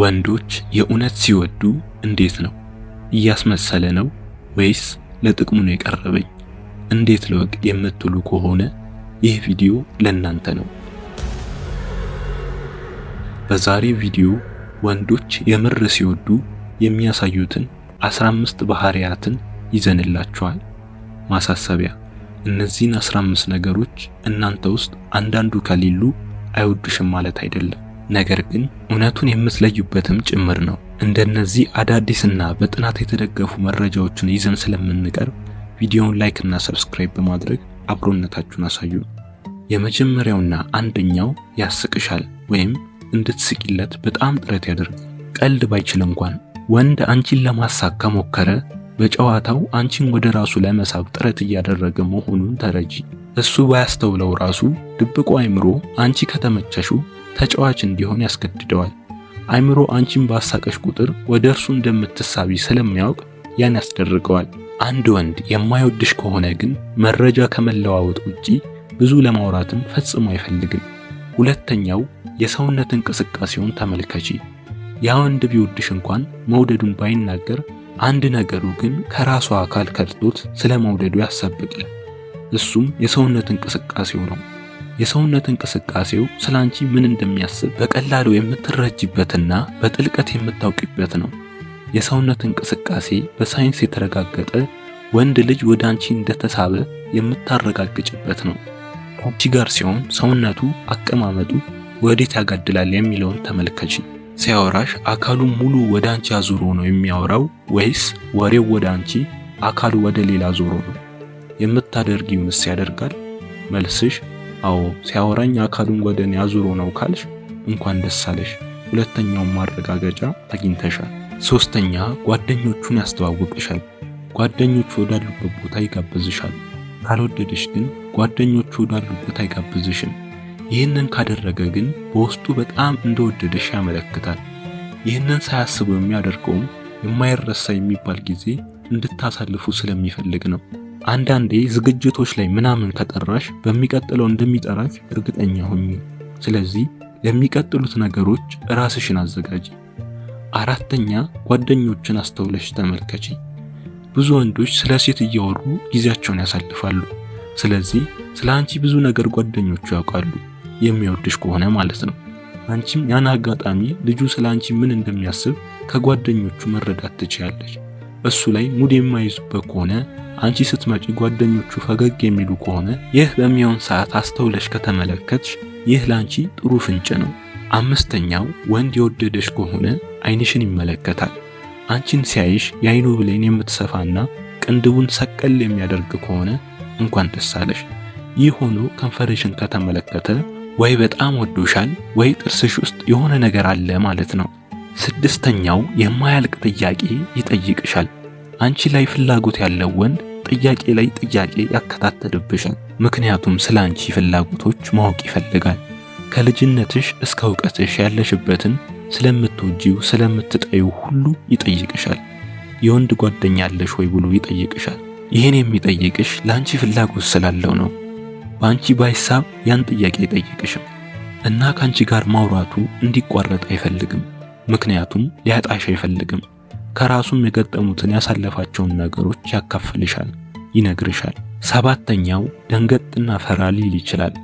ወንዶች የእውነት ሲወዱ እንዴት ነው? እያስመሰለ ነው ወይስ ለጥቅሙ ነው የቀረበኝ? እንዴት ለወቅ የምትሉ ከሆነ ይህ ቪዲዮ ለእናንተ ነው። በዛሬው ቪዲዮ ወንዶች የምር ሲወዱ የሚያሳዩትን 15 ባህሪያትን ይዘንላችኋል። ማሳሰቢያ፣ እነዚህን 15 ነገሮች እናንተ ውስጥ አንዳንዱ ከሌሉ አይወዱሽም ማለት አይደለም። ነገር ግን እውነቱን የምትለዩበትም ጭምር ነው። እንደነዚህ አዳዲስና በጥናት የተደገፉ መረጃዎችን ይዘን ስለምንቀርብ ቪዲዮውን ላይክ እና ሰብስክራይብ በማድረግ አብሮነታችሁን አሳዩ። የመጀመሪያውና አንደኛው ያስቅሻል ወይም እንድትስቂለት በጣም ጥረት ያደርግ። ቀልድ ባይችል እንኳን ወንድ አንቺን ለማሳቅ ከሞከረ በጨዋታው አንቺን ወደ ራሱ ለመሳብ ጥረት እያደረገ መሆኑን ተረጂ። እሱ ባያስተውለው ራሱ ድብቁ አይምሮ አንቺ ከተመቸሹ ተጫዋች እንዲሆን ያስገድደዋል። አይምሮ አንቺን ባሳቀሽ ቁጥር ወደ እርሱ እንደምትሳቢ ስለሚያውቅ ያን ያስደርገዋል። አንድ ወንድ የማይወድሽ ከሆነ ግን መረጃ ከመለዋወጥ ውጪ ብዙ ለማውራትም ፈጽሞ አይፈልግም። ሁለተኛው የሰውነት እንቅስቃሴውን ተመልከቺ። ያ ወንድ ቢወድሽ እንኳን መውደዱን ባይናገር አንድ ነገሩ ግን ከራሱ አካል ከድቶት ስለ መውደዱ ያሳብቃል። እሱም የሰውነት እንቅስቃሴው ነው። የሰውነት እንቅስቃሴው ስለ አንቺ ምን እንደሚያስብ በቀላሉ የምትረጅበትና በጥልቀት የምታውቂበት ነው። የሰውነት እንቅስቃሴ በሳይንስ የተረጋገጠ ወንድ ልጅ ወደ አንቺ እንደተሳበ የምታረጋግጭበት ነው። ከአንቺ ጋር ሲሆን ሰውነቱ፣ አቀማመጡ ወዴት ያጋድላል የሚለውን ተመልከች። ሲያወራሽ አካሉ ሙሉ ወደ አንቺ አዙሮ ነው የሚያወራው ወይስ ወሬው ወደ አንቺ፣ አካሉ ወደ ሌላ ዞሮ ነው? የምታደርጊውንስ ያደርጋል? መልስሽ አዎ ሲያወራኝ አካሉን ወደ እኔ አዙሮ ነው ካልሽ እንኳን ደስ አለሽ። ሁለተኛውን ማረጋገጫ አግኝተሻል። ሶስተኛ ጓደኞቹን ያስተዋውቅሻል። ጓደኞቹ ወዳሉበት ቦታ ይጋብዝሻል። ካልወደደሽ ግን ጓደኞቹ ወዳሉበት አይጋብዝሽም። ይህንን ካደረገ ግን በውስጡ በጣም እንደወደደሽ ያመለክታል። ይህንን ሳያስበው የሚያደርገውም የማይረሳ የሚባል ጊዜ እንድታሳልፉ ስለሚፈልግ ነው። አንዳንዴ ዝግጅቶች ላይ ምናምን ከጠራሽ በሚቀጥለው እንደሚጠራሽ እርግጠኛ ሁኚ። ስለዚህ ለሚቀጥሉት ነገሮች ራስሽን አዘጋጂ። አራተኛ ጓደኞችን አስተውለሽ ተመልከቺ። ብዙ ወንዶች ስለ ሴት እያወሩ ጊዜያቸውን ያሳልፋሉ። ስለዚህ ስለ አንቺ ብዙ ነገር ጓደኞቹ ያውቃሉ፣ የሚወድሽ ከሆነ ማለት ነው። አንቺም ያን አጋጣሚ ልጁ ስለ አንቺ ምን እንደሚያስብ ከጓደኞቹ መረዳት ትችያለሽ። እሱ ላይ ሙድ የማይዙበት ከሆነ አንቺ ስትመጪ ጓደኞቹ ፈገግ የሚሉ ከሆነ ይህ በሚሆን ሰዓት አስተውለሽ ከተመለከትሽ ይህ ላንቺ ጥሩ ፍንጭ ነው። አምስተኛው ወንድ የወደደሽ ከሆነ አይንሽን ይመለከታል። አንቺን ሲያይሽ የአይኑ ብሌን የምትሰፋና ቅንድቡን ሰቀል የሚያደርግ ከሆነ እንኳን ደስ አለሽ። ይህ ሆኖ ከንፈርሽን ከተመለከተ ወይ በጣም ወዶሻል ወይ ጥርስሽ ውስጥ የሆነ ነገር አለ ማለት ነው። ስድስተኛው የማያልቅ ጥያቄ ይጠይቅሻል። አንቺ ላይ ፍላጎት ያለው ወንድ ጥያቄ ላይ ጥያቄ ያከታተልብሻል። ምክንያቱም ስለ አንቺ ፍላጎቶች ማወቅ ይፈልጋል። ከልጅነትሽ እስከ እውቀትሽ ያለሽበትን ስለምትወጂው፣ ስለምትጠዩ ሁሉ ይጠይቅሻል። የወንድ ጓደኛ ያለሽ ወይ ብሎ ይጠይቅሻል። ይህን የሚጠይቅሽ ለአንቺ ፍላጎት ስላለው ነው። በአንቺ ባይሳብ ያን ጥያቄ አይጠይቅሽም እና ከአንቺ ጋር ማውራቱ እንዲቋረጥ አይፈልግም። ምክንያቱም ሊያጣሽ አይፈልግም። ከራሱም የገጠሙትን ያሳለፋቸውን ነገሮች ያካፍልሻል፣ ይነግርሻል። ሰባተኛው ደንገጥና ፈራ ሊል ይችላል።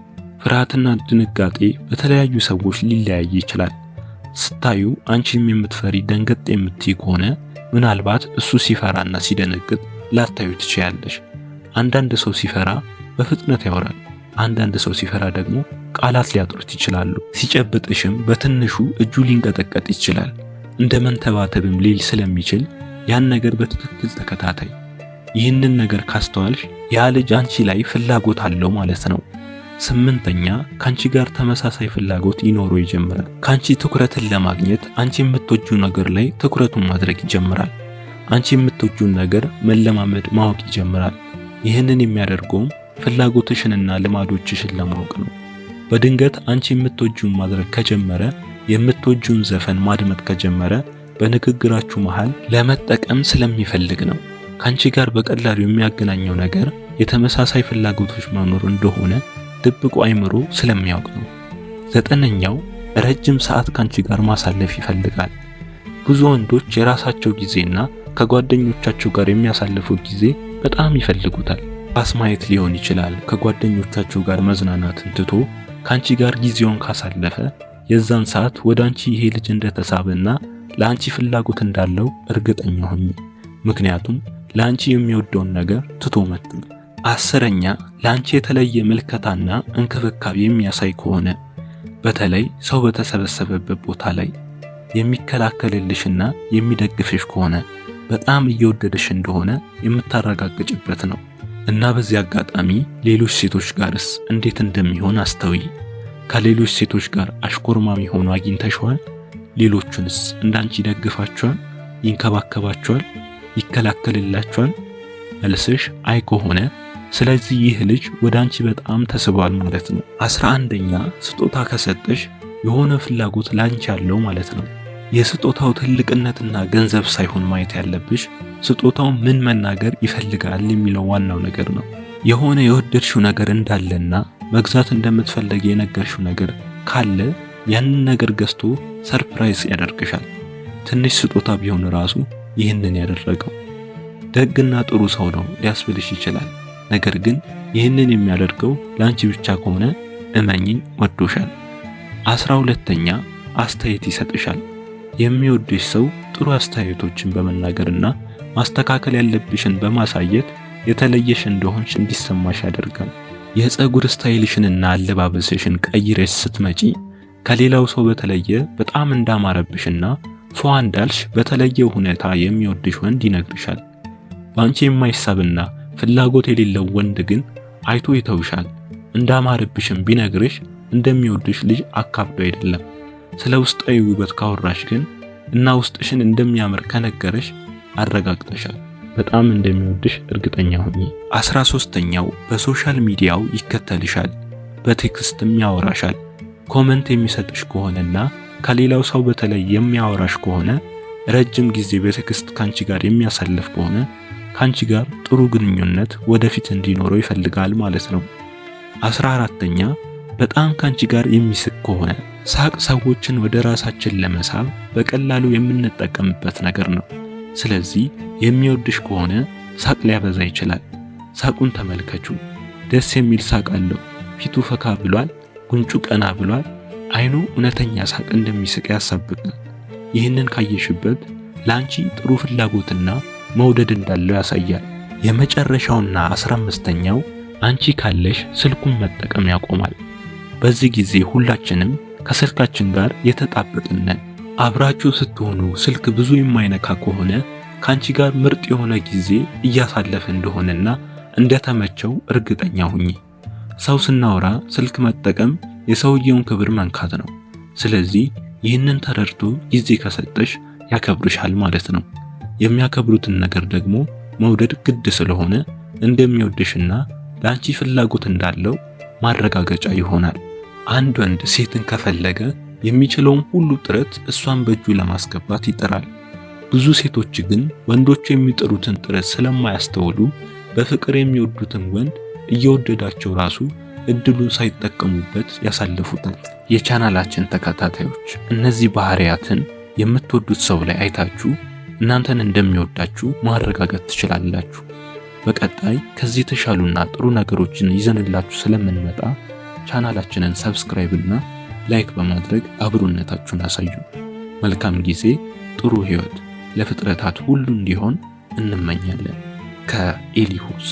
ፍርሃትና ድንጋጤ በተለያዩ ሰዎች ሊለያይ ይችላል። ስታዩ አንቺም የምትፈሪ ደንገጥ የምትይ ከሆነ ምናልባት እሱ ሲፈራና ሲደነግጥ ላታዩ ትችያለሽ። አንዳንድ ሰው ሲፈራ በፍጥነት ያወራል። አንዳንድ ሰው ሲፈራ ደግሞ ቃላት ሊያጥሩት ይችላሉ። ሲጨብጥሽም በትንሹ እጁ ሊንቀጠቀጥ ይችላል። እንደ መንተባተብም ሊል ስለሚችል ያን ነገር በትክክል ተከታታይ። ይህንን ነገር ካስተዋልሽ ያ ልጅ አንቺ ላይ ፍላጎት አለው ማለት ነው። ስምንተኛ ከአንቺ ጋር ተመሳሳይ ፍላጎት ይኖረው ይጀምራል። ከአንቺ ትኩረትን ለማግኘት አንቺ የምትወጁ ነገር ላይ ትኩረቱን ማድረግ ይጀምራል። አንቺ የምትወጁን ነገር መለማመድ ማወቅ ይጀምራል። ይህንን የሚያደርገውም ፍላጎትሽንና ልማዶችሽን ለማወቅ ነው። በድንገት አንቺ የምትወጁን ማድረግ ከጀመረ፣ የምትወጁን ዘፈን ማድመጥ ከጀመረ በንግግራችሁ መሃል ለመጠቀም ስለሚፈልግ ነው። ከአንቺ ጋር በቀላሉ የሚያገናኘው ነገር የተመሳሳይ ፍላጎቶች መኖር እንደሆነ ድብቁ አይምሮ ስለሚያውቅ ነው። ዘጠነኛው ረጅም ሰዓት ካንቺ ጋር ማሳለፍ ይፈልጋል። ብዙ ወንዶች የራሳቸው ጊዜና ከጓደኞቻቸው ጋር የሚያሳልፉት ጊዜ በጣም ይፈልጉታል። አስማየት ሊሆን ይችላል። ከጓደኞቻችሁ ጋር መዝናናትን ትቶ ከአንቺ ጋር ጊዜውን ካሳለፈ የዛን ሰዓት ወደ አንቺ ይሄ ልጅ እንደተሳበና ለአንቺ ፍላጎት እንዳለው እርግጠኛ ሆኚ። ምክንያቱም ለአንቺ የሚወደውን ነገር ትቶ መጥ አስረኛ ለአንቺ የተለየ ምልከታና እንክብካቤ የሚያሳይ ከሆነ በተለይ ሰው በተሰበሰበበት ቦታ ላይ የሚከላከልልሽና የሚደግፍሽ ከሆነ በጣም እየወደደሽ እንደሆነ የምታረጋግጭበት ነው። እና በዚህ አጋጣሚ ሌሎች ሴቶች ጋርስ እንዴት እንደሚሆን አስተውይ። ከሌሎች ሴቶች ጋር አሽኮርማሚ ሆኖ አግኝተሽዋል? ሌሎቹንስ እንዳንቺ ይደግፋቸዋል? ይንከባከባቸዋል? ይከላከልላቸዋል? መልስሽ አይ ከሆነ ስለዚህ ይህ ልጅ ወደ አንቺ በጣም ተስቧል ማለት ነው። አስራ አንደኛ ስጦታ ከሰጠሽ የሆነ ፍላጎት ላንቺ አለው ማለት ነው። የስጦታው ትልቅነትና ገንዘብ ሳይሆን ማየት ያለብሽ ስጦታው ምን መናገር ይፈልጋል የሚለው ዋናው ነገር ነው። የሆነ የወደድሽው ነገር እንዳለና መግዛት እንደምትፈልግ የነገርሽው ነገር ካለ ያንን ነገር ገዝቶ ሰርፕራይዝ ያደርግሻል። ትንሽ ስጦታ ቢሆን ራሱ ይህንን ያደረገው ደግና ጥሩ ሰው ነው ሊያስብልሽ ይችላል። ነገር ግን ይህንን የሚያደርገው ላንቺ ብቻ ከሆነ እመኝኝ ወዶሻል። አስራ ሁለተኛ አስተያየት ይሰጥሻል። የሚወድሽ ሰው ጥሩ አስተያየቶችን በመናገርና ማስተካከል ያለብሽን በማሳየት የተለየሽ እንደሆንሽ እንዲሰማሽ ያደርጋል። የፀጉር ስታይልሽንና አለባበስሽን ቀይረሽ ስትመጪ ከሌላው ሰው በተለየ በጣም እንዳማረብሽና ፏ እንዳልሽ በተለየ ሁኔታ የሚወድሽ ወንድ ይነግርሻል። በአንቺ የማይሳብና ፍላጎት የሌለው ወንድ ግን አይቶ ይተውሻል። እንዳማረብሽም ቢነግርሽ እንደሚወድሽ ልጅ አካብዶ አይደለም። ስለ ውስጣዊ ውበት ካወራሽ ግን እና ውስጥሽን እንደሚያምር ከነገረሽ አረጋግጠሻል። በጣም እንደሚወድሽ እርግጠኛ ሁኚ። አስራ ሶስተኛው በሶሻል ሚዲያው ይከተልሻል፣ በቴክስትም ያወራሻል። ኮመንት የሚሰጥሽ ከሆነና ከሌላው ሰው በተለይ የሚያወራሽ ከሆነ ረጅም ጊዜ በቴክስት ካንቺ ጋር የሚያሳልፍ ከሆነ ካንቺ ጋር ጥሩ ግንኙነት ወደፊት እንዲኖረው ይፈልጋል ማለት ነው። አስራ አራተኛ በጣም ካንቺ ጋር የሚስቅ ከሆነ ሳቅ ሰዎችን ወደ ራሳችን ለመሳብ በቀላሉ የምንጠቀምበት ነገር ነው። ስለዚህ የሚወድሽ ከሆነ ሳቅ ሊያበዛ ይችላል። ሳቁን ተመልከቹ። ደስ የሚል ሳቅ አለው። ፊቱ ፈካ ብሏል፣ ጉንጩ ቀና ብሏል፣ አይኑ እውነተኛ ሳቅ እንደሚስቅ ያሳብቃል። ይህንን ካየሽበት ለአንቺ ጥሩ ፍላጎትና መውደድ እንዳለው ያሳያል። የመጨረሻውና አስራ አምስተኛው አንቺ ካለሽ ስልኩን መጠቀም ያቆማል። በዚህ ጊዜ ሁላችንም ከስልካችን ጋር የተጣበቅነን አብራችሁ ስትሆኑ ስልክ ብዙ የማይነካ ከሆነ ከአንቺ ጋር ምርጥ የሆነ ጊዜ እያሳለፈ እንደሆነና እንደተመቸው እርግጠኛ ሁኚ። ሰው ስናወራ ስልክ መጠቀም የሰውየውን ክብር መንካት ነው። ስለዚህ ይህንን ተረድቶ ጊዜ ከሰጠሽ ያከብርሻል ማለት ነው። የሚያከብሩትን ነገር ደግሞ መውደድ ግድ ስለሆነ እንደሚወድሽና ለአንቺ ፍላጎት እንዳለው ማረጋገጫ ይሆናል። አንድ ወንድ ሴትን ከፈለገ የሚችለውን ሁሉ ጥረት እሷን በእጁ ለማስገባት ይጥራል። ብዙ ሴቶች ግን ወንዶች የሚጥሩትን ጥረት ስለማያስተውሉ በፍቅር የሚወዱትን ወንድ እየወደዳቸው ራሱ እድሉን ሳይጠቀሙበት ያሳልፉታል። የቻናላችን ተከታታዮች እነዚህ ባህሪያትን የምትወዱት ሰው ላይ አይታችሁ እናንተን እንደሚወዳችሁ ማረጋገጥ ትችላላችሁ። በቀጣይ ከዚህ የተሻሉና ጥሩ ነገሮችን ይዘንላችሁ ስለምንመጣ ቻናላችንን ሰብስክራይብ እና ላይክ በማድረግ አብሮነታችሁን አሳዩ። መልካም ጊዜ፣ ጥሩ ህይወት ለፍጥረታት ሁሉ እንዲሆን እንመኛለን። ከኤሊሁስ